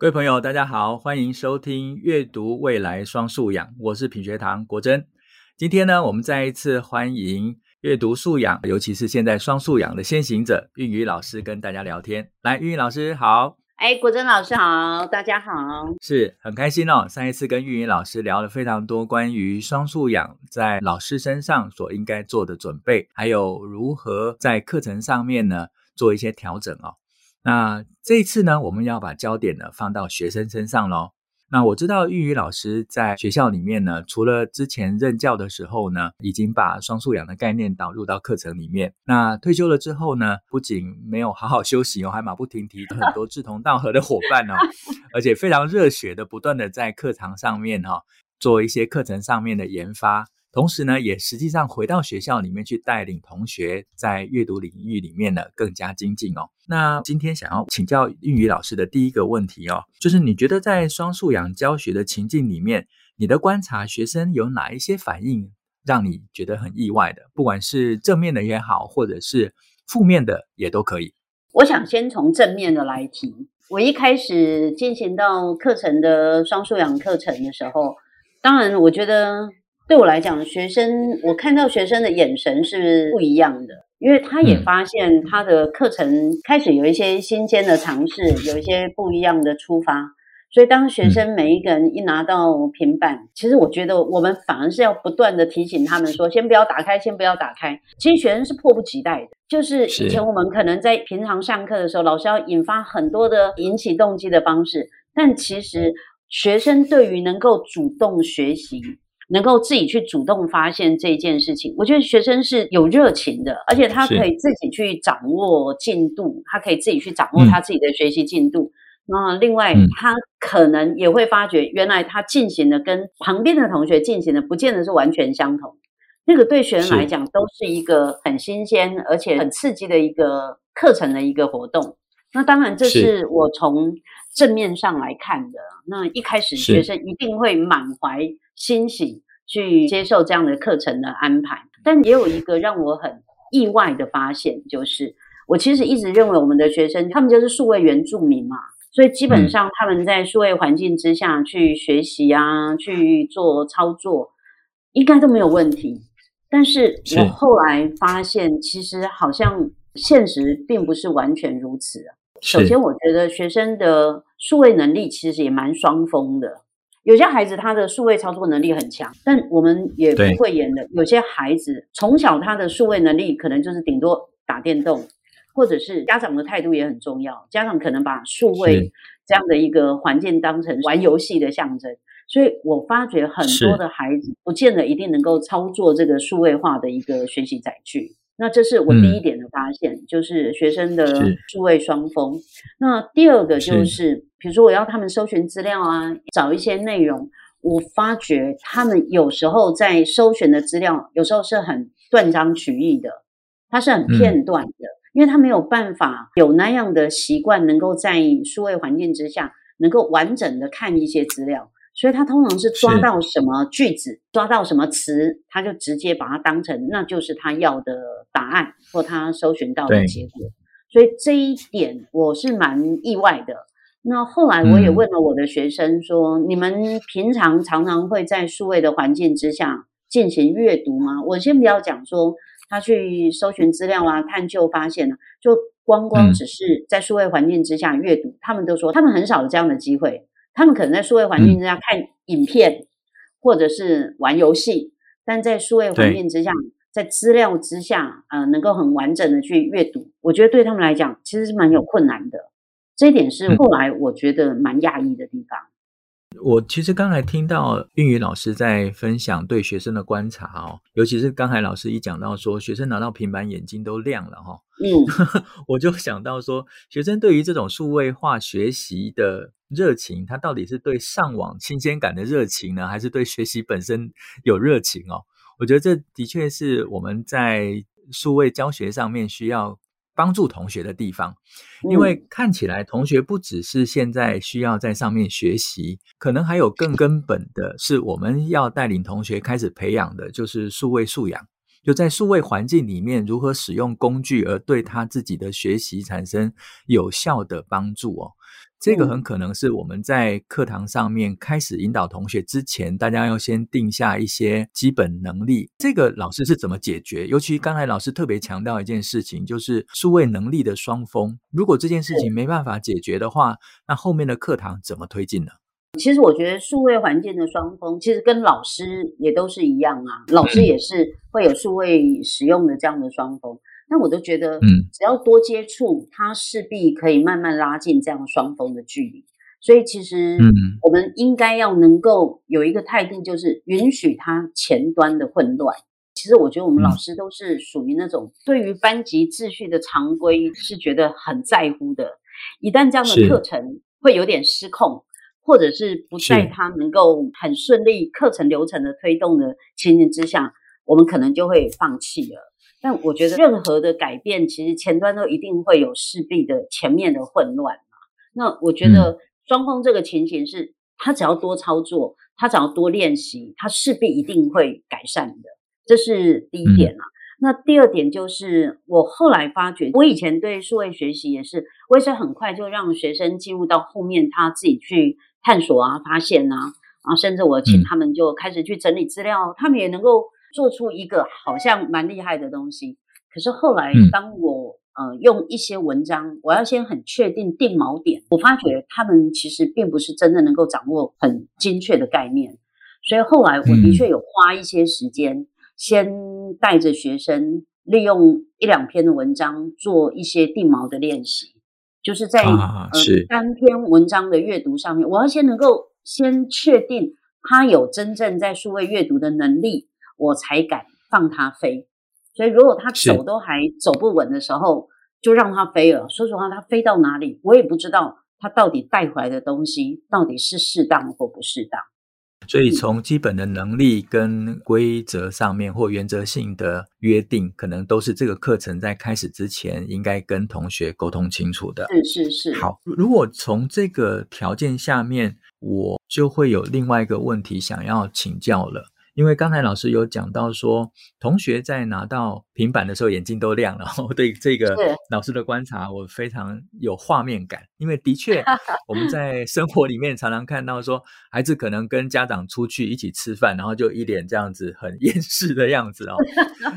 各位朋友，大家好，歡迎收聽《閱讀未來雙素養》，我是品學堂國珍。今天呢，我們再一次歡迎閱讀素養，尤其是現在雙素養的先行者——韻宇老師，跟大家聊天。來，韻宇老師好，哎，國珍老師好，大家好，是很開心哦。上一次跟韻宇老師聊了非常多關於雙素養在老師身上所應該做的準備，還有如何在課程上面呢做一些調整哦。那這一次呢，我們要把焦點呢放到學生身上嘍。那我知道韻宇老師在學校裡面呢，除了之前任教的時候呢，已經把雙素養的概念導入到課程裡面。那退休了之後呢，不僅沒有好好休息哦，還馬不停蹄，很多志同道合的夥伴哦，而且非常熱血的，不斷的在課堂上面哈、哦，做一些課程上面的研發。同時呢，也實際上回到學校裡面去帶領同學在閱讀領域裡面呢更加精進哦。那今天想要請教韻宇老師的第一個問題哦，就是你覺得在雙素養教學的情境裡面，你的觀察學生有哪一些反應讓你覺得很意外的？不管是正面的也好，或者是負面的也都可以。我想先從正面的來提。我一開始進行到課程的雙素養課程的時候，當然我覺得。對我來講，學生我看到學生的眼神是不一樣的，因為他也發現他的課程開始有一些新鮮的嘗試，有一些不一樣的出發。所以當學生每一個人一拿到平板，其實我覺得我們反而是要不斷地提醒他們說：先不要打開，先不要打開。其實學生是迫不及待的。就是以前我們可能在平常上課的時候，老師要引發很多的引起動機的方式，但其實學生對於能夠主動學習。能夠自己去主動發現這件事情，我覺得學生是有熱情的，而且他可以自己去掌握進度，他可以自己去掌握他自己的學習進度。那、嗯、另外，他可能也會發覺，原來他進行的跟旁邊的同學進行的，不見得是完全相同。那個對學生來講，都是一個很新鮮而且很刺激的一個課程的一個活動。那當然，這是我從正面上來看的。那一開始學生一定會滿懷欣喜去接受這樣的課程的安排，但也有一個讓我很意外的發現，就是我其實一直認為我們的學生他們就是數位原住民嘛，所以基本上他們在數位環境之下去學習啊，嗯、去做操作，應該都沒有問題。但是我後來發現，其實好像現實並不是完全如此啊。首先，我覺得學生的數位能力其實也蠻雙峰的。有些孩子他的數位操作能力很強，但我們也不諱言的。有些孩子從小他的數位能力可能就是頂多打電動，或者是家長的態度也很重要。家長可能把數位這樣的一個環境當成玩遊戲的象徵，所以我發覺很多的孩子不見得一定能夠操作這個數位化的一個學習載具。那這是我第一點的發現，嗯、就是學生的數位雙峰。那第二個就是、是，比如說我要他們搜尋資料啊，找一些內容，我發覺他們有時候在搜尋的資料，有時候是很斷章取義的，它是很片段的、嗯，因為他沒有辦法有那樣的習慣，能夠在數位環境之下，能夠完整的看一些資料。所以，他通常是抓到什麼句子，抓到什麼詞，他就直接把它當成那就是他要的答案，或他搜尋到的結果。所以這一點我是蠻意外的。那後來我也問了我的學生說、嗯：“你們平常常常會在數位的環境之下進行閱讀嗎？”我先不要講說他去搜尋資料啊、探究發現啊，就光光只是在數位環境之下閱讀，嗯、他們都說他們很少有這樣的機會。他們可能在數位環境之下看影片，嗯、或者是玩遊戲，但在數位環境之下，在資料之下，呃，能夠很完整的去閱讀，我覺得對他們來講其實是蠻有困難的。這一點是後來我覺得蠻訝異的地方。嗯。我其實剛才聽到韻宇老師在分享對學生的觀察哦，尤其是剛才老師一講到說學生拿到平板眼睛都亮了哈、哦，嗯， 我就想到說學生對於這種數位化學習的熱情，他到底是對上網新鮮感的熱情呢，還是對學習本身有熱情哦？我覺得這的確是我們在數位教學上面需要。幫助同學的地方，因為看起來同學不只是現在需要在上面學習，可能還有更根本的，是我們要帶領同學開始培養的就是數位素養，就在數位環境裡面如何使用工具，而對他自己的學習產生有效的幫助哦。這個很可能是我們在課堂上面開始引導同學之前，大家要先定下一些基本能力。這個老師是怎麼解決？尤其剛才老師特別強調一件事情，就是數位能力的雙峰。如果這件事情沒辦法解決的話，那後面的課堂怎麼推進呢？其實我覺得數位環境的雙峰，其實跟老師也都是一樣啊。老師也是會有數位使用的這樣的雙峰。那我都覺得，嗯，只要多接觸，嗯，他勢必可以慢慢拉近這樣雙峰的距離。所以其實，嗯，我們應該要能夠有一個態度，就是允許他前端的混亂。其實我覺得我們老師都是屬於那種對於班級秩序的常規是覺得很在乎的。一旦這樣的課程會有點失控，或者是不在他能夠很順利課程流程的推動的情形之下，我們可能就會放棄了。但我覺得任何的改變，其實前端都一定會有勢必的前面的混亂嘛。那我覺得雙峰這個情形是，他只要多操作，他只要多練習，他勢必一定會改善的，這是第一點啊。嗯、那第二點就是，我後來發覺，我以前對數位學習也是，我也是很快就讓學生進入到後面，他自己去探索啊、發現啊，然後甚至我請他們就開始去整理資料，嗯、他們也能夠。做出一個好像蠻厲害的東西，可是後來當我、嗯、呃用一些文章，我要先很確定定錨點，我發覺他們其實並不是真的能夠掌握很精確的概念，所以後來我的確有花一些時間，嗯、先帶着學生利用一兩篇的文章做一些定錨的練習，就是在單、啊、呃、篇文章的閱讀上面，我要先能夠先確定他有真正在數位閱讀的能力。我才敢放他飛，所以如果他走都還走不穩的時候，就讓他飛了。說實話，他飛到哪裡，我也不知道。他到底帶回來的東西到底是適當或不適當？所以從基本的能力跟規則上面或原則性的約定、嗯，可能都是這個課程在開始之前應該跟同學溝通清楚的。是是是。好，如果從這個條件下面，我就會有另外一個問題想要請教了。因為剛才老師有講到說，同學在拿到平板的時候眼睛都亮了，然後對這個老師的觀察我非常有畫面感。因為的確我們在生活裡面常常看到說，孩子可能跟家長出去一起吃飯，然後就一臉這樣子很厭世的樣子哦。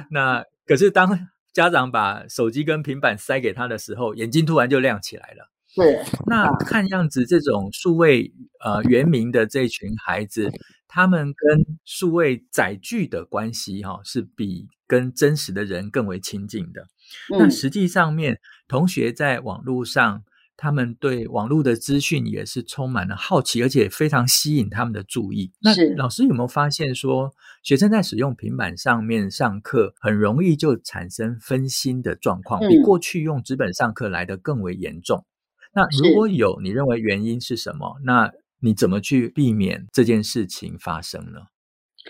那可是當家長把手機跟平板塞給他的時候，眼睛突然就亮起來了。對，那看樣子這種數位呃原民的這群孩子。他們跟數位載具的關係，哈，是比跟真實的人更為親近的。那、嗯、實際上面，同學在網路上，他們對網路的資訊也是充滿了好奇，而且也非常吸引他們的注意。是。那老師有沒有發現說，學生在使用平板上面上課，很容易就產生分心的狀況，比過去用紙本上課來得更為嚴重，嗯？那如果有，你認為原因是什麼？那你怎麼去避免這件事情發生呢？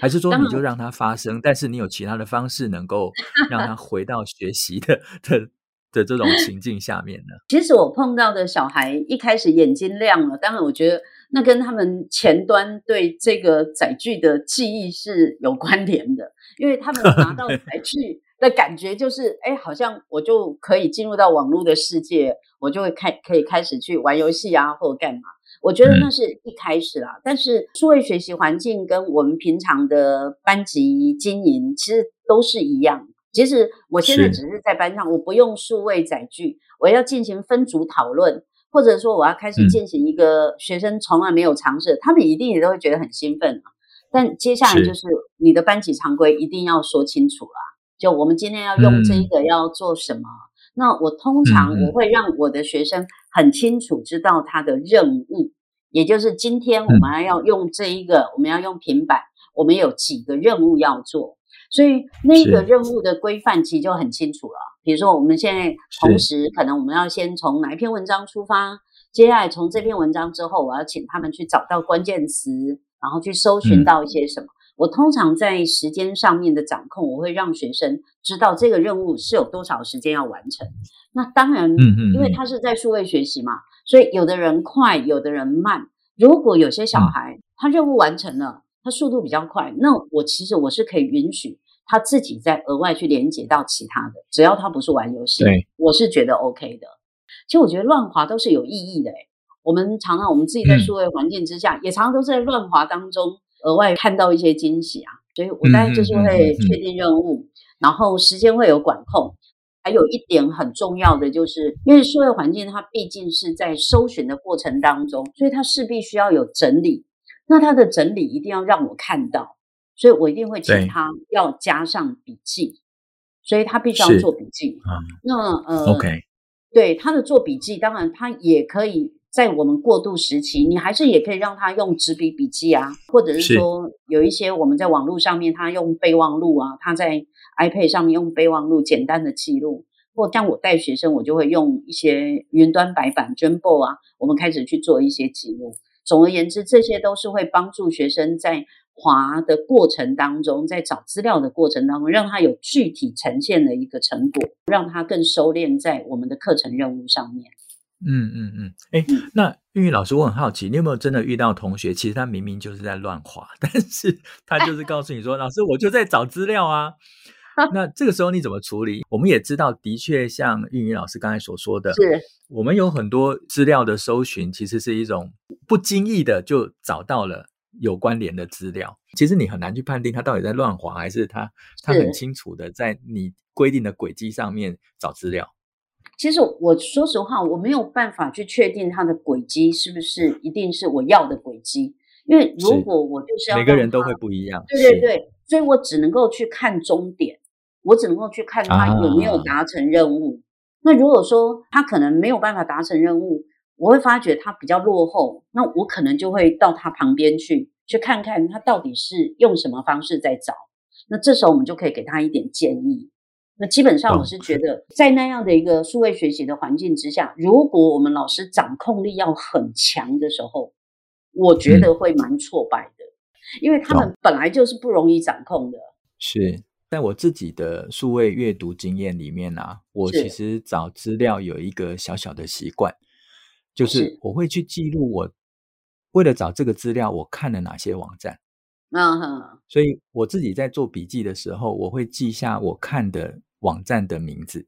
還是說你就讓它發生？但是你有其他的方式能夠讓它回到學習的 的的、的這種情境下面呢？其實我碰到的小孩一開始眼睛亮了，當然我覺得那跟他們前端對這個載具的記憶是有關聯的，因為他們拿到載具的感覺就是， 哎，好像我就可以進入到網絡的世界，我就會開可以開始去玩遊戲啊，或者幹嘛。我覺得那是一開始啦，嗯，但是數位學習環境跟我們平常的班級經營其實都是一樣。即使我現在只是在班上，我不用數位載具，我要進行分組討論，或者說我要開始進行一個學生從來沒有嘗試，嗯、他們一定也都會覺得很興奮，但接下來就是你的班級常規一定要說清楚啦，啊，就我們今天要用這個要做什麼。嗯那我通常我會讓我的學生很清楚知道他的任務，也就是今天我們要用這一個，我們要用平板，我們有幾個任務要做，所以那個任務的規範其實就很清楚了。比如說，我們現在同時可能我們要先從哪一篇文章出發，接下來從這篇文章之後，我要請他們去找到關鍵詞，然後去搜尋到一些什麼。我通常在時間上面的掌控，我會讓學生知道這個任務是有多少時間要完成。那當然，因為他是在數位學習嘛，所以有的人快，有的人慢。如果有些小孩他任務完成了，他速度比較快，那我其實我是可以允許他自己再額外去連接到其他的，只要他不是玩遊戲，我是覺得 OK 的。其實我覺得亂滑都是有意義的。哎，我們常常我們自己在數位環境之下，也常常都是在亂滑當中，額外看到一些驚喜啊，所以我大概就是會確定任務，嗯嗯嗯、然後時間會有管控。還有一點很重要的就是，因為數位環境它畢竟是在搜尋的過程當中，所以它勢必需要有整理。那它的整理一定要讓我看到，所以我一定會請他要加上筆記，所以他必須要做筆記啊、嗯。那呃，OK，對他的做筆記，當然他也可以。在我們過渡時期，你還是也可以讓他用紙筆筆記啊，或者是說有一些我們在網絡上面，他用備忘錄啊，他在 iPad 上面用備忘錄簡單的記錄。或像我帶學生，我就會用一些雲端白板 Jumbo 啊，我們開始去做一些記錄。總而言之，這些都是會幫助學生在滑的過程當中，在找資料的過程當中，讓他有具體呈現的一個成果，讓他更收斂在我們的課程任務上面。嗯嗯嗯，哎、嗯嗯欸，那韻宇老師，我很好奇，你有沒有真的遇到同學？其實他明明就是在亂滑，但是他就是告訴你說：“哎、老師，我就在找資料啊。啊”那這個時候你怎麼處理？我們也知道，的確像韻宇老師剛才所說的，我們有很多資料的搜尋，其實是一種不經意的就找到了有關聯的資料。其實你很難去判定他到底在亂滑，還是他他很清楚的在你規定的軌跡上面找資料。其實我說實話，我沒有辦法去確定他的軌跡是不是一定是我要的軌跡，因為如果我就是要，每個人都會不一樣，對對對，所以我只能夠去看終點，我只能夠去看他有沒有達成任務，啊。那如果說他可能沒有辦法達成任務，我會發覺他比較落後，那我可能就會到他旁邊去，去看看他到底是用什麼方式在找。那這時候我們就可以給他一點建議。那基本上我是覺得，在那樣的一個數位學習的環境之下，如果我們老師掌控力要很強的時候，我覺得會蠻挫敗的，嗯，因為他們本來就是不容易掌控的。哦，是在我自己的數位閱讀經驗裡面啊，我其實找資料有一個小小的習慣，就是我會去記錄我為了找這個資料，我看了哪些網站。嗯，所以我自己在做筆記的時候，我會記下我看的。網站的名字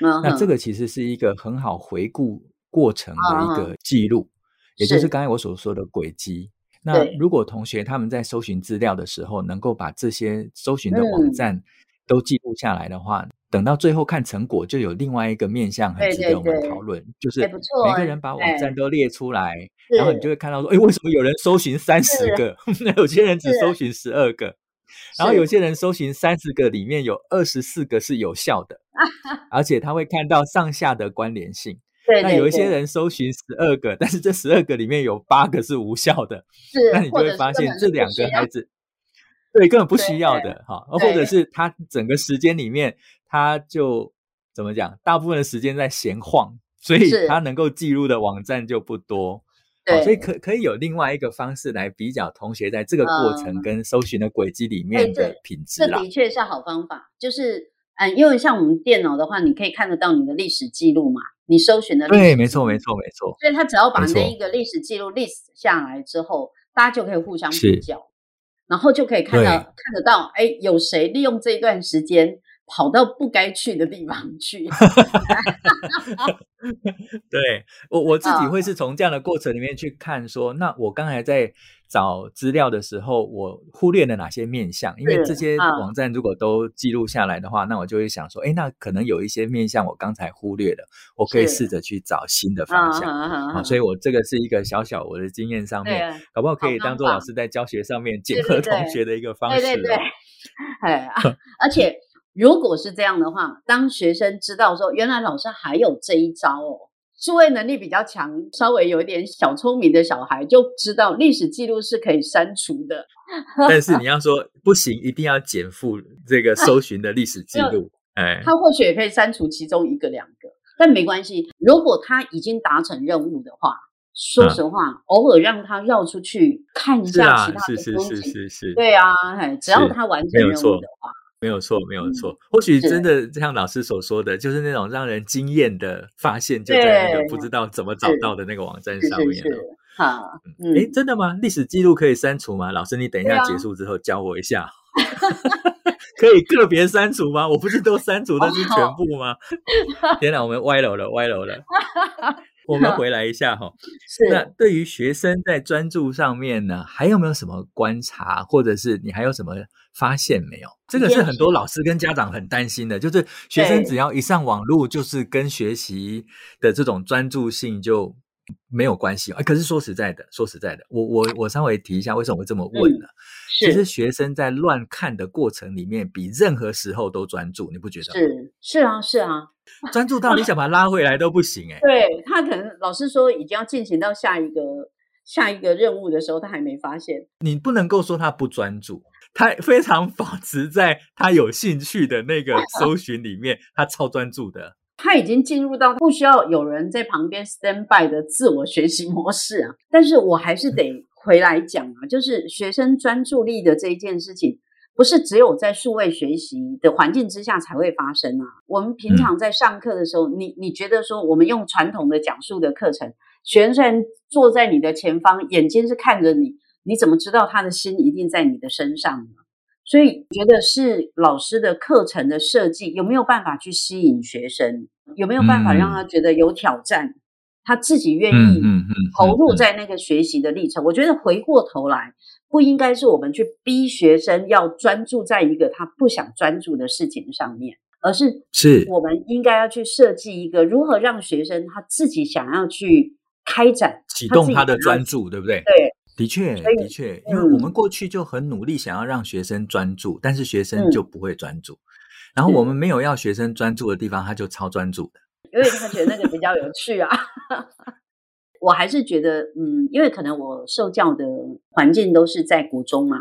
，uh -huh. 那這個其實是一個很好回顧過程的一個記錄，uh -huh. 也就是剛才我所說的軌跡。那如果同學他們在搜尋資料的時候，能夠把這些搜尋的網站都記錄下來的話，uh -huh. 等到最後看成果，就有另外一個面向，很值得我們討論。Uh -huh. 就是每個人把網站都列出來，uh -huh. 然後你就會看到說，哎、欸，為什麼有人搜尋三十個，那、uh -huh. 有些人只搜尋十二個？然後有些人搜尋三十個，裡面有二十四個是有效的， 而且他會看到上下的關聯性。那有一些人搜尋十二個，但是這十二個裡面有八個是無效的。是，那你就會發現這兩個孩子，對，根本不需要的哈，或者是他整個時間裡面他就怎麼講，大部分的時間在閒晃，所以他能夠記錄的網站就不多。哦，所以可可以有另外一個方式來比較同學在這個過程跟搜尋的軌跡裡面的品質啦。嗯，這，這的確是好方法，就是嗯，因為像我們電腦的話，你可以看得到你的歷史記錄嘛，你搜尋的歷史記錄。對，沒錯，沒錯，沒錯。所以他只要把那一個歷史記錄 list 下來之後，大家就可以互相比較，然後就可以看到看得到，哎，有誰利用這一段時間。跑到不該去的地方去 對，對我我自己會是從這樣的過程裡面去看說，說那我剛才在找資料的時候，我忽略了哪些面向？因為這些網站如果都記錄下來的話，那我就會想說，哎、欸，那可能有一些面向我剛才忽略了，我可以試着去找新的方向啊啊啊啊。啊，所以我這個是一個小小我的經驗上面，搞不好可以當做老師在教學上面檢核同學的一個方式、喔。對對對，對，哎啊、 而且。如果是這樣的話，當學生知道說，原來老師還有這一招哦，數位能力比較強，稍微有一點小聰明的小孩就知道，歷史記錄是可以刪除的。但是你要說 不行，一定要減負這個搜尋的歷史記錄，哎，哎他或許也可以刪除其中一個、兩個，但沒關係。如果他已經達成任務的話，說實話，啊、偶爾讓他繞出去看一下其他的東西是,、啊、是,是是是是是，對啊、哎，只要他完成任務的話。沒有錯，沒有錯。嗯、或許真的像老師所說的，就是那種讓人驚豔的發現，就在那個不知道怎麼找到的那個網站上面了，是是是。好，哎、嗯，真的嗎？歷史記錄可以刪除嗎？老師，你等一下結束之後教我一下。啊、 可以個別刪除嗎？我不是都刪除， 但是全部嗎、哦？天哪，我們歪樓了，歪樓了。 我們回來一下哈、 哦。那對於學生在專注上面呢，還有沒有什麼觀察，或者是你還有什麼？發現沒有，這個是很多老師跟家長很擔心的，就是學生只要一上網路，就是跟學習的這種專注性就沒有關係啊。可是說實在的，說實在的，我我我稍微提一下，為什麼會這麼問呢？其實學生在亂看的過程裡面，比任何時候都專注，你不覺得嗎？是是啊是啊，專注到你想把他拉回來都不行哎。對他可能老師說已經要進行到下一個下一個任務的時候，他還沒發現。你不能夠說他不專注。他非常保持在他有興趣的那個搜尋裡面，啊、他超專注的。他已經進入到不需要有人在旁邊 stand by 的自我學習模式啊！但是我還是得回來講啊、嗯，就是學生專注力的這一件事情，不是只有在數位學習的環境之下才會發生啊。我們平常在上課的時候，嗯、你你覺得說，我們用傳統的講述的課程，學生坐在你的前方，眼睛是看着你。你怎麼知道他的心一定在你的身上呢？所以覺得是老師的課程的設計，有沒有辦法去吸引學生？有沒有辦法讓他覺得有挑戰，嗯、他自己願意投入在那個學習的歷程、嗯嗯嗯嗯？我覺得回過頭來，不應該是我們去逼學生要專注在一個他不想專注的事情上面，而是是我們應該要去設計一個如何讓學生他自己想要去開展、啟動他的專注，對不對？對。的確，的確，因為我們過去就很努力想要讓學生專注、嗯，但是學生就不會專注、嗯。然後我們沒有要學生專注的地方，嗯、他就超專注的，因為他覺得那個比較有趣啊。 我還是覺得，嗯，因為可能我受教的環境都是在國中嘛，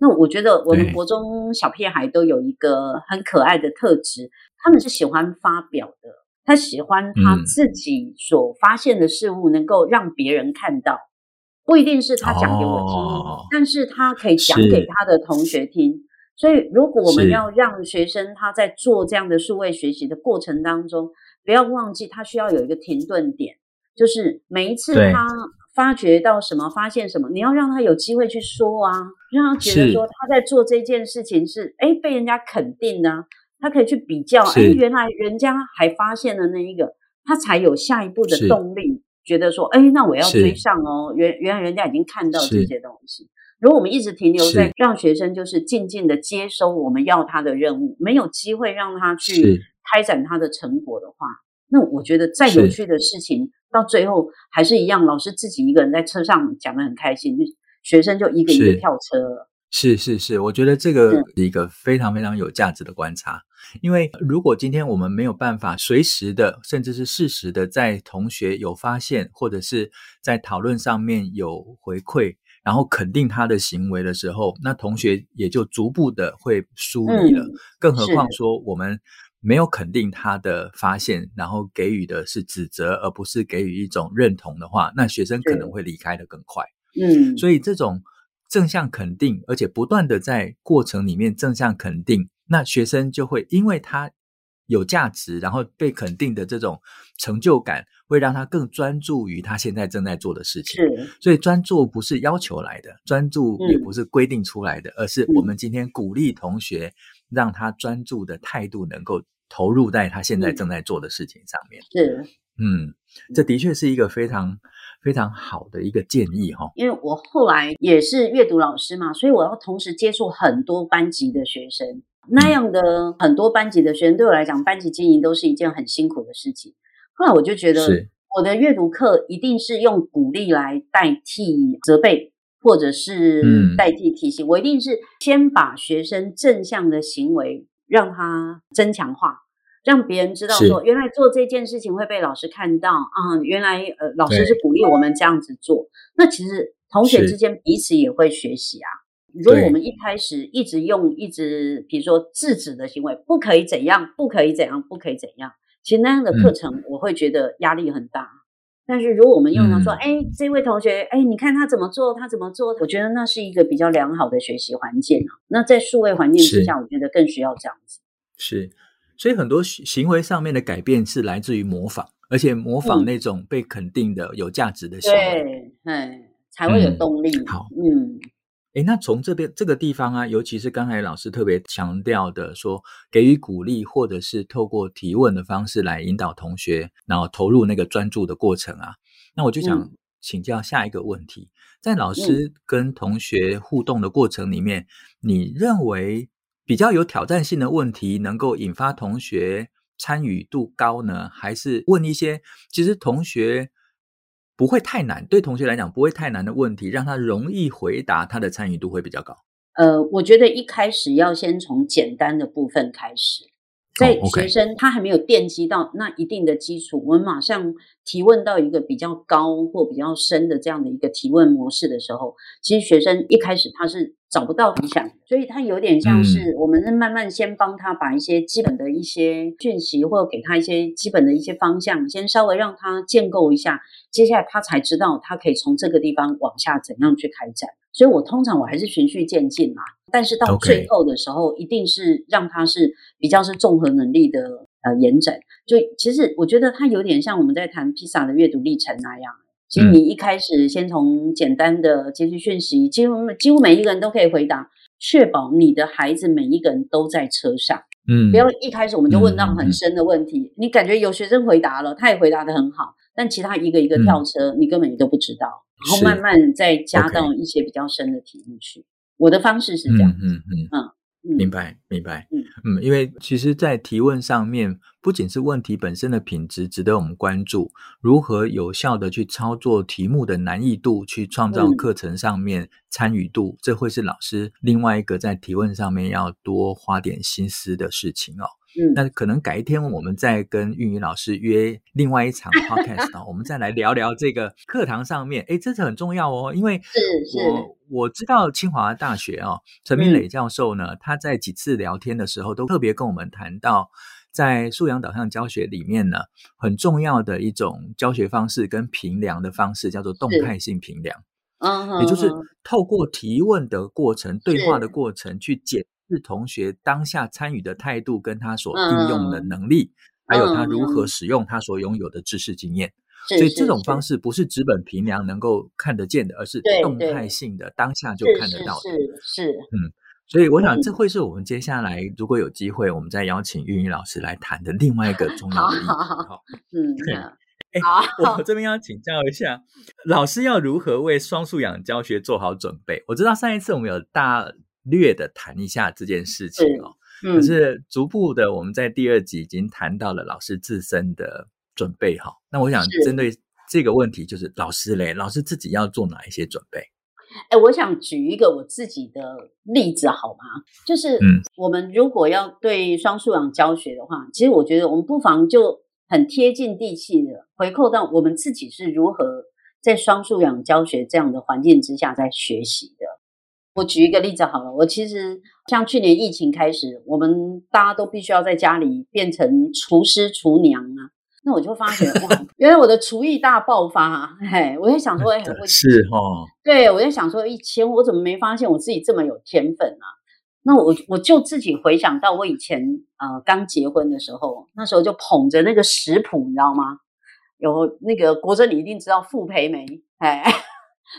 那我覺得我們國中小屁孩都有一個很可愛的特質，他們是喜歡發表的，他喜歡他自己所發現的事物能夠讓別人看到。嗯不一定是他講給我聽，哦，但是他可以講給他的同學聽。所以，如果我們要讓學生他在做這樣的數位學習的過程當中，不要忘記他需要有一個停頓點，就是每一次他發覺到什麼，發現什麼，你要讓他有機會去說啊，讓他覺得說他在做這件事情是，哎，被人家肯定呢，啊，他可以去比較，哎，原來人家還發現了那一個，他才有下一步的動力。覺得說，哎，那我要追上哦。原原來人家已經看到這些東西。如果我們一直停留在讓學生就是靜靜地接收我們要他的任務，沒有機會讓他去開展他的成果的話，那我覺得再有趣的事情到最後還是一樣，老師自己一個人在車上講得很開心，就學生就一個一個跳車了。是是是，我覺得這個是一個非常非常有價值的觀察。因為如果今天我們沒有辦法隨時的，甚至是適時的，在同學有發現或者是在討論上面有回饋，然後肯定他的行為的時候，那同學也就逐步的會疏離了。嗯。更何況說我們沒有肯定他的發現，然後給予的是指責，而不是給予一種認同的話，那學生可能會離開得更快。嗯，所以這種。正向肯定，而且不斷的在過程裡面正向肯定，那學生就會因為他有價值，然後被肯定的這種成就感，會讓他更專注於他現在正在做的事情。是，所以專注不是要求來的，專注也不是規定出來的，是而是我們今天鼓勵同學，讓他專注的態度能夠投入在他現在正在做的事情上面。嗯，這的確是一個非常。非常好的一個建議哈，因為我後來也是閱讀老師嘛，所以我要同時接觸很多班級的學生，那樣的很多班級的學生對我來講，班級經營都是一件很辛苦的事情。後來我就覺得，我的閱讀課一定是用鼓勵來代替責備，或者是代替提醒，我一定是先把學生正向的行為讓他增強化。讓別人知道說，原來做這件事情會被老師看到啊、呃！原來呃，老師是鼓勵我們這樣子做。那其實同學之間彼此也會學習啊。如果我們一開始一直用一直，比如說制止的行為，不可以怎樣，不可以怎樣，不可以怎樣，其實那樣的課程我會覺得壓力很大。嗯、但是如果我們用到說、嗯，哎，這位同學，哎，你看他怎麼做，他怎麼做，我覺得那是一個比較良好的學習環境、啊、那在數位環境之下，我覺得更需要這樣子。是。所以很多行為上面的改變是來自於模仿，而且模仿那種被肯定的、有價值的行為，嗯、對，才會有動力。嗯、好，嗯，欸、那從這邊這個地方啊，尤其是剛才老師特別強調的說給予鼓勵，或者是透過提問的方式來引導同學，然後投入那個專注的過程啊，那我就想請教下一個問題，在老師跟同學互動的過程裡面，嗯、你認為，比較有挑戰性的問題，能夠引發同學參與度高呢？還是問一些其實同學不會太難，對同學來講不會太難的問題，讓他容易回答，他的參與度會比較高？呃，我覺得一開始要先從簡單的部分開始，在學生他還沒有奠基到那一定的基礎，oh, okay. 我們馬上。提問到一個比較高或比較深的這樣的一個提問模式的時候，其實學生一開始他是找不到方向，所以他有點像是我們是慢慢先幫他把一些基本的一些訊息，或者給他一些基本的一些方向，先稍微讓他建構一下，接下來他才知道他可以從這個地方往下怎樣去開展。所以我通常我還是循序漸進嘛，但是到最後的時候，okay. 一定是讓他是比較是綜合能力的呃延展。就其實我覺得它有點像我們在談 PISA 的閱讀歷程那樣。其實你一開始先從簡單的擷取訊息，幾乎幾乎每一個人都可以回答。確保你的孩子每一個人都在車上，嗯，不要一開始我們就問到很深的問題，嗯嗯。你感覺有學生回答了，他也回答得很好，但其他一個一個跳車、嗯，你根本也都不知道。然後慢慢再加到一些比較深的題目去。我的方式是這樣，嗯嗯嗯，嗯嗯明白，明白。嗯，因為其實，在提問上面，不僅是問題本身的品質值，值得我們關注，如何有效的去操作題目的難易度，去創造課程上面參與度，嗯、這會是老師另外一個在提問上面要多花點心思的事情哦。嗯、那可能改一天，我們再跟韻宇老師約另外一場 podcast 哦， 我們再來聊聊這個課堂上面。誒，這是很重要哦，因為我我知道清華大學哦，陳明磊教授呢、嗯，他在幾次聊天的時候都特別跟我們談到，在素養導向教學裡面呢，很重要的一種教學方式跟評量的方式叫做動態性評量，嗯，也就是透過提問的過程、對話的過程去解。是同學當下參與的態度，跟他所應用的能力、嗯，還有他如何使用他所擁有的知識經驗。嗯、所以這種方式不是紙本評量能夠看得見的，是是是，而是動態性的，對對，當下就看得到的。是，是，是，是，嗯，所以我想這會是我們接下來如果有機會，我們再邀請韻宇老師來談的另外一個重要的議題。好，嗯、啊欸，好，我這邊要請教一下老師，要如何為雙素養教學做好準備？我知道上一次我們有大略的談一下這件事情哦、嗯嗯，可是逐步的，我們在第二集已經談到了老師自身的準備好。那我想針對這個問題，就是老師嘞，老師自己要做哪一些準備？哎、欸，我想舉一個我自己的例子好嗎？就是，嗯，我們如果要對雙素養教學的話，其實我覺得我們不妨就很貼近地氣的回扣到我們自己是如何在雙素養教學這樣的環境之下在學習。我舉一個例子好了，我其實像去年疫情開始，我們大家都必須要在家裡變成廚師、廚娘啊。那我就發覺，哇， 原來我的廚藝大爆發啊！嘿，我在想說，哎，是哈，哦，對我在想說，以前我怎麼沒發現我自己這麼有天分啊？那我我就自己回想到我以前呃，剛結婚的時候，那時候就捧着那個食譜，你知道嗎？有那個國珍，你一定知道傅培梅，哎，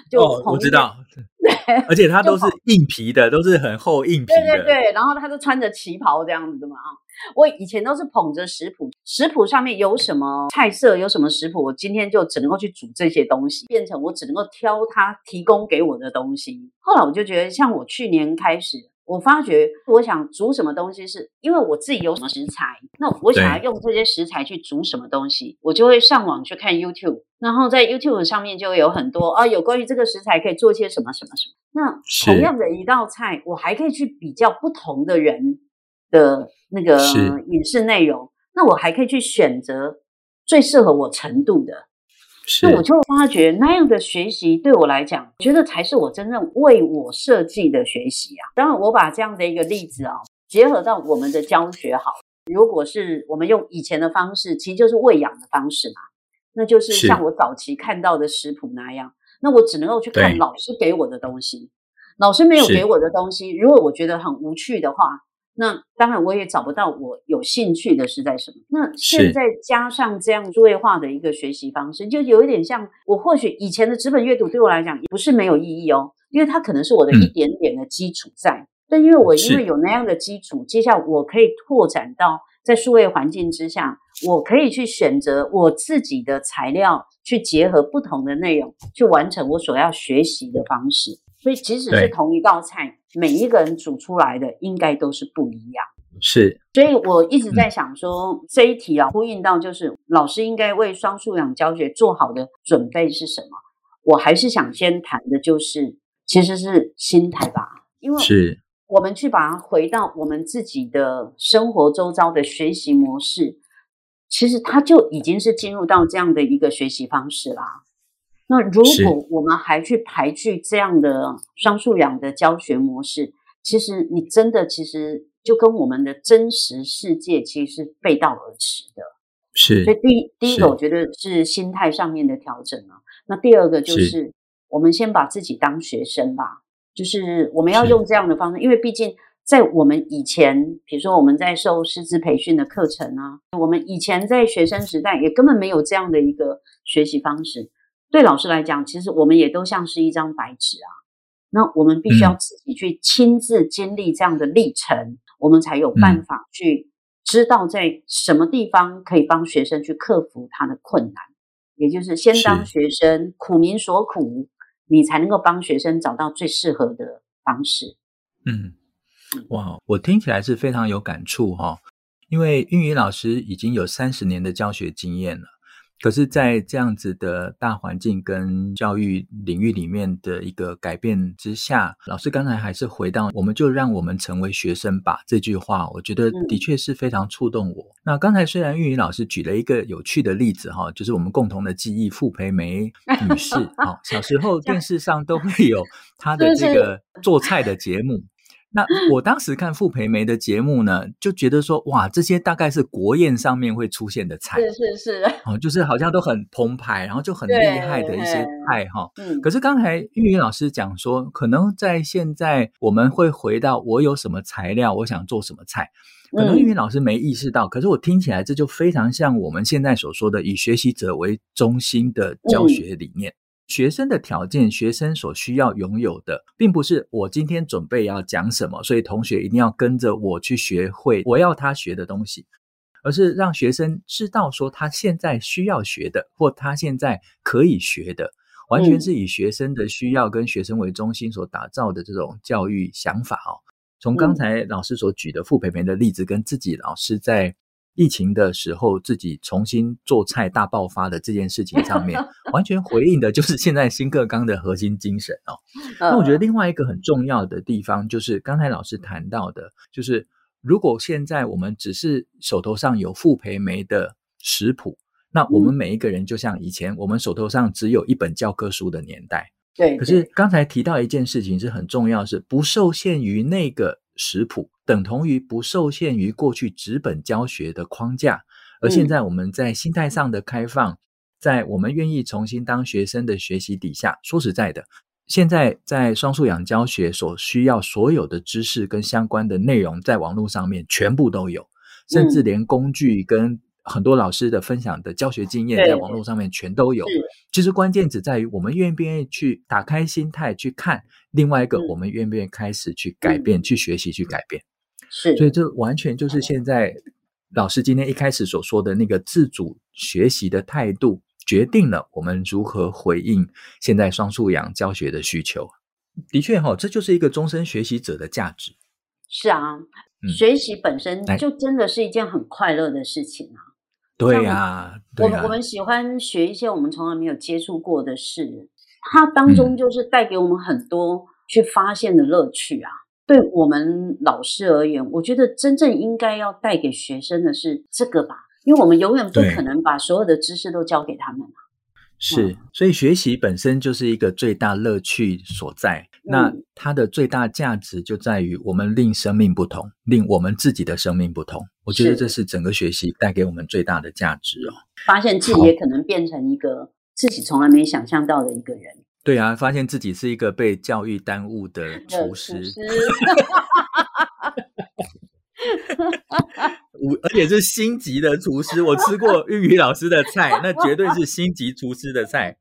就捧，哦，我知道。對，而且它都是硬皮的，都是很厚硬皮的。對對對，然後他就穿着旗袍這樣子的嘛。啊，我以前都是捧着食譜，食譜上面有什麼菜色，有什麼食譜，我今天就只能夠去煮這些東西，變成我只能夠挑他提供給我的東西。後來我就覺得，像我去年開始。我發覺，我想煮什麼東西，是因為我自己有什麼食材。那我想要用這些食材去煮什麼東西，我就會上網去看 YouTube，然後在 YouTube 上面就有很多啊，有關於這個食材可以做些什麼什麼什麼。那同樣的一道菜，我還可以去比較不同的人的那個影視內容，那我還可以去選擇最適合我程度的。那我就發覺那樣的學習對我來講，我覺得才是我真正為我設計的學習啊。當然，我把這樣的一個例子啊、哦，結合到我們的教學。好，如果是我們用以前的方式，其實就是餵養的方式嘛，那就是像我早期看到的食譜那樣。那我只能夠去看老師給我的東西，老師沒有給我的東西，如果我覺得很無趣的話。那當然，我也找不到我有興趣的是在什麼。那現在加上這樣數位化的一個學習方式，就有一點像我或許以前的紙本閱讀對我來講也不是沒有意義哦，因為它可能是我的一點點的基礎在。嗯、但因為我因為有那樣的基礎，接下來我可以拓展到在數位環境之下，我可以去選擇我自己的材料，去結合不同的內容，去完成我所要學習的方式。所以即使是同一道菜，每一個人組出來的應該都是不一樣，是，所以我一直在想說、嗯、這一題啊，呼應到就是老師應該為雙素養教學做好的準備是什麼？我還是想先談的就是，其實是心態吧，因為是我們去把它回到我們自己的生活周遭的學習模式，其實它就已經是進入到這樣的一個學習方式啦。那如果我們還去排拒這樣的雙素養的教學模式，其實你真的其實就跟我們的真實世界其實是背道而馳的。是，所以第一第一個我覺得是心態上面的調整啊。那第二個就是我們先把自己當學生吧，是，就是我們要用這樣的方式，因為畢竟在我們以前，比如說我們在受師資培訓的課程啊，我們以前在學生時代也根本沒有這樣的一個學習方式。對老師來講，其實我們也都像是一張白紙啊。那我們必須要自己去親自經歷這樣的歷程，嗯、我們才有辦法去知道在什麼地方可以幫學生去克服他的困難。也就是先當學生，苦民所苦，你才能夠幫學生找到最適合的方式。嗯，哇，我聽起來是非常有感觸哈、哦，因為韻宇老師已經有三十年的教學經驗了。可是，在這樣子的大環境跟教育領域裡面的一個改變之下，老師剛才還是回到“我們就讓我們成為學生吧”這句話，我覺得的確是非常觸動我。嗯、那剛才雖然韻宇老師舉了一個有趣的例子哈，就是我們共同的記憶傅培梅女士啊， 小時候電視上都會有她的這個做菜的節目。 那我當時看傅培梅的節目呢，就覺得說哇，這些大概是國宴上面會出現的菜，是是是，哦、就是好像都很澎湃，然後就很厲害的一些菜哈、嗯。可是剛才韻宇老師講說，可能在現在我們會回到我有什麼材料，我想做什麼菜，可能韻宇老師沒意識到、嗯，可是我聽起來這就非常像我們現在所說的以學習者為中心的教學理念。嗯學生的條件，學生所需要擁有的，並不是我今天準備要講什麼，所以同學一定要跟着我去學會我要他學的東西，而是讓學生知道說他現在需要學的或他現在可以學的，完全是以學生的需要跟學生為中心所打造的這種教育想法哦。從剛才老師所舉的付培培的例子跟自己老師在。疫情的時候，自己重新做菜大爆發的這件事情上面，完全回應的就是現在新課綱的核心精神哦。那我覺得另外一個很重要的地方，就是剛才老師談到的，就是如果現在我們只是手頭上有傅培梅的食譜，那我們每一個人就像以前我們手頭上只有一本教科書的年代。對。可是剛才提到一件事情是很重要，是不受限於那個。食譜等同於不受限於過去紙本教學的框架，而現在我們在心態上的開放，嗯、在我們願意重新當學生的學習底下，說實在的，現在在雙素養教學所需要所有的知識跟相關的內容，在網絡上面全部都有，甚至連工具跟、嗯。很多老師的分享的教學經驗在網絡上面全都有，其實關鍵只在於我們願不願意去打開心態去看，另外一個我們願不願意開始去改變、去學習、去改變。是，所以這完全就是現在老師今天一開始所說的那個自主學習的態度，決定了我們如何回應現在雙素養教學的需求。的確，哈，這就是一個終身學習者的價值，嗯。是啊，學習本身就真的是一件很快樂的事情啊。對呀，我們、對啊、對啊、我們喜歡學一些我們從來沒有接觸過的事，它當中就是帶給我們很多去發現的樂趣啊、嗯。對我們老師而言，我覺得真正應該要帶給學生的是這個吧，因為我們永遠不可能把所有的知識都教給他們啊。是，所以學習本身就是一個最大樂趣所在，嗯。那它的最大價值就在於我們令生命不同，令我們自己的生命不同。我覺得這是整個學習帶給我們最大的價值哦。發現自己也可能變成一個自己從來沒想象到的一個人。對啊，發現自己是一個被教育耽誤的廚師。 而且是星級的廚師，我吃過韻宇老師的菜， 那絕對是星級廚師的菜。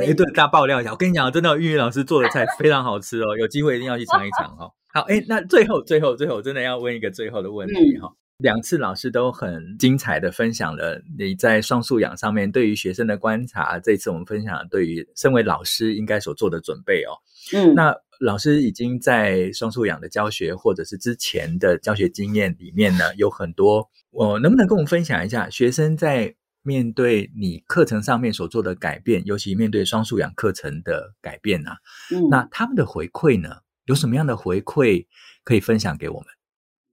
哎、 欸，對，大家爆料一下，我跟你講，真的，韻宇老師做的菜非常好吃哦，有機會一定要去嘗一嘗哦。好，哎、欸，那最後、最後、最後，我真的要問一個最後的問題哈、哦。嗯兩次老師都很精彩的分享了你在雙素養上面對於學生的觀察，這一次我們分享了對於身為老師應該所做的準備哦。嗯，那老師已經在雙素養的教學或者是之前的教學經驗裡面呢，有很多我、呃、能不能跟我們分享一下學生在面對你課程上面所做的改變，尤其面對雙素養課程的改變呢、啊嗯？那他們的回饋呢？有什麼樣的回饋可以分享給我們？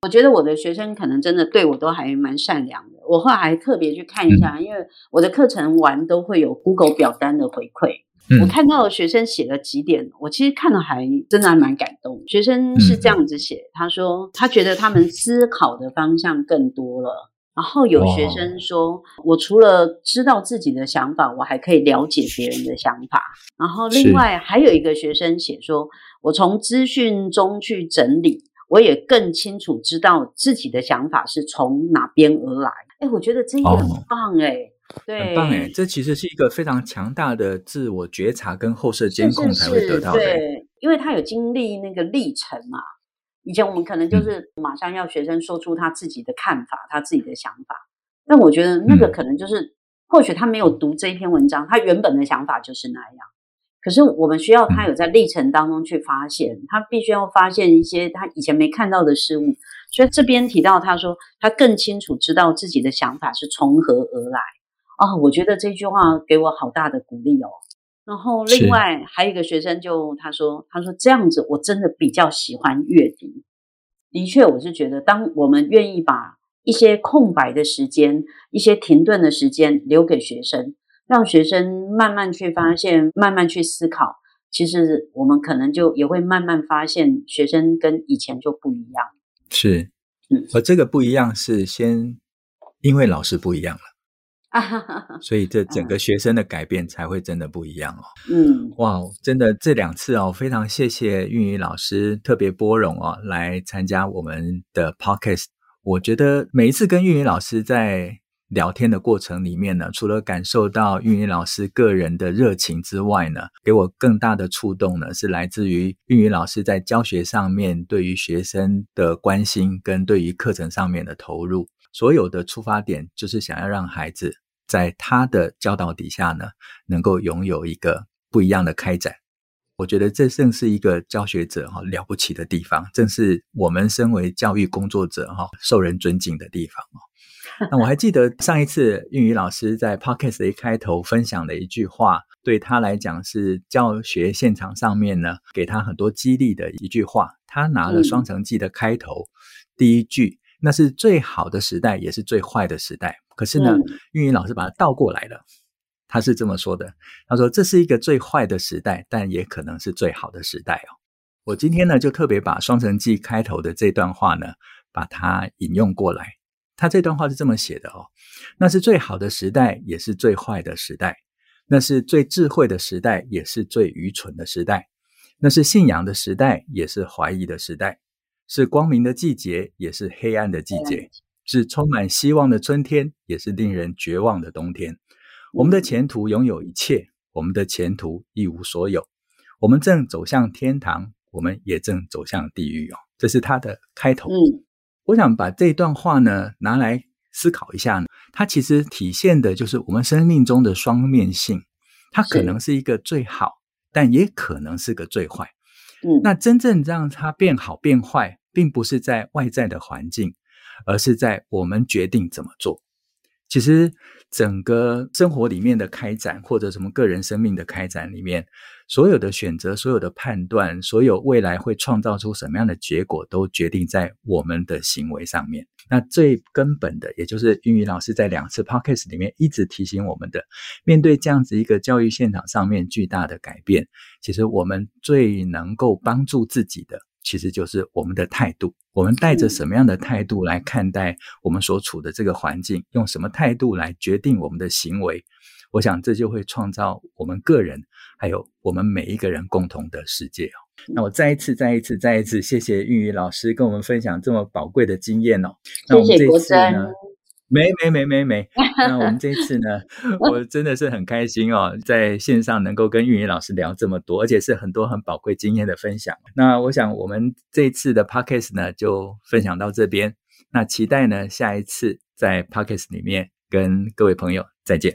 我覺得我的學生可能真的對我都還蠻善良的。我後來還特別去看一下，嗯，因為我的課程完都會有 Google 表單的回饋。嗯，我看到學生寫了幾點，我其實看了還真的還蠻感動。學生是這樣子寫：嗯，他說他覺得他們思考的方向更多了。然後有學生說，哦，我除了知道自己的想法，我還可以了解別人的想法。然後另外還有一個學生寫說，我從資訊中去整理。我也更清楚知道自己的想法是從哪邊而來。哎，我覺得這個很棒哎、欸哦，很棒哎、欸，這其實是一個非常強大的自我覺察跟後設監控才會得到的是是是。對，因為他有經歷那個歷程嘛。以前我們可能就是馬上要學生說出他自己的看法、嗯、他自己的想法，但我覺得那個可能就是，嗯、或許他沒有讀這一篇文章，他原本的想法就是那樣。可是我們需要他有在歷程當中去發現，他必須要發現一些他以前沒看到的事物。所以這邊提到他說，他更清楚知道自己的想法是從何而來啊、哦！我覺得這句話給我好大的鼓勵哦。然後另外還有一個學生就他說，他說這樣子我真的比較喜歡閱讀。的確，我是覺得當我們願意把一些空白的時間、一些停頓的時間留給學生。讓學生慢慢去發現，慢慢去思考。其實我們可能就也會慢慢發現，學生跟以前就不一樣。是、嗯，而這個不一樣是先因為老師不一樣了， 所以這整個學生的改變才會真的不一樣哦。 嗯，哇，真的這兩次哦，非常謝謝韻宇老師特別撥冗哦來參加我們的 podcast。我覺得每一次跟韻宇老師在，聊天的過程裡面呢，除了感受到韻宇老師個人的熱情之外呢，給我更大的觸動呢，是來自於韻宇老師在教學上面對於學生的關心跟對於課程上面的投入。所有的出發點就是想要讓孩子在他的教導底下呢，能夠擁有一個不一樣的開展。我覺得這正是一個教學者哈、哦、了不起的地方，正是我們身為教育工作者哈、哦、受人尊敬的地方。 那我還記得上一次韻宇老師在 podcast 的一開頭分享的一句話，對他來講是教學現場上面呢給他很多激勵的一句話。他拿了《雙城記》的開頭第一句，那是最好的時代，也是最壞的時代。可是呢，韻宇老師把它倒過來了，他是這麼說的：“他說這是一個最壞的時代，但也可能是最好的時代哦。”我今天呢就特別把《雙城記》開頭的這段話呢把它引用過來。他這段話是這麼寫的哦，那是最好的時代，也是最壞的時代；那是最智慧的時代，也是最愚蠢的時代；那是信仰的時代，也是懷疑的時代；是光明的季節，也是黑暗的季節；是充滿希望的春天，也是令人絕望的冬天。我們的前途擁有一切，我們的前途一無所有。我們正走向天堂，我們也正走向地獄哦。這是他的開頭。嗯我想把這段話呢，拿來思考一下，它其實體現的就是我們生命中的雙面性，它可能是一個最好，但也可能是個最壞。嗯，那真正讓它變好變壞，並不是在外在的環境，而是在我們決定怎麼做。其實，整個生活裡面的開展，或者什麼個人生命的開展裡面，所有的選擇、所有的判斷、所有未來會創造出什麼樣的結果，都決定在我們的行為上面。那最根本的，也就是韻宇老師在兩次 podcast 裡面一直提醒我們的：面對這樣子一個教育現場上面巨大的改變，其實我們最能夠幫助自己的。其實就是我們的態度，我們帶着什麼樣的態度來看待我們所處的這個環境，用什麼態度來決定我們的行為，我想這就會創造我們個人還有我們每一個人共同的世界哦、嗯。那我再一次、再一次、再一次，謝謝韻宇老師跟我們分享這麼寶貴的經驗哦。謝謝國，那我們這一次呢？沒沒沒沒沒， 那我們這一次呢，我真的是很開心哦，在線上能夠跟韻宇老師聊這麼多，而且是很多很寶貴經驗的分享。那我想我們這一次的 podcast 呢，就分享到這邊。那期待呢，下一次在 podcast 裡面跟各位朋友再見。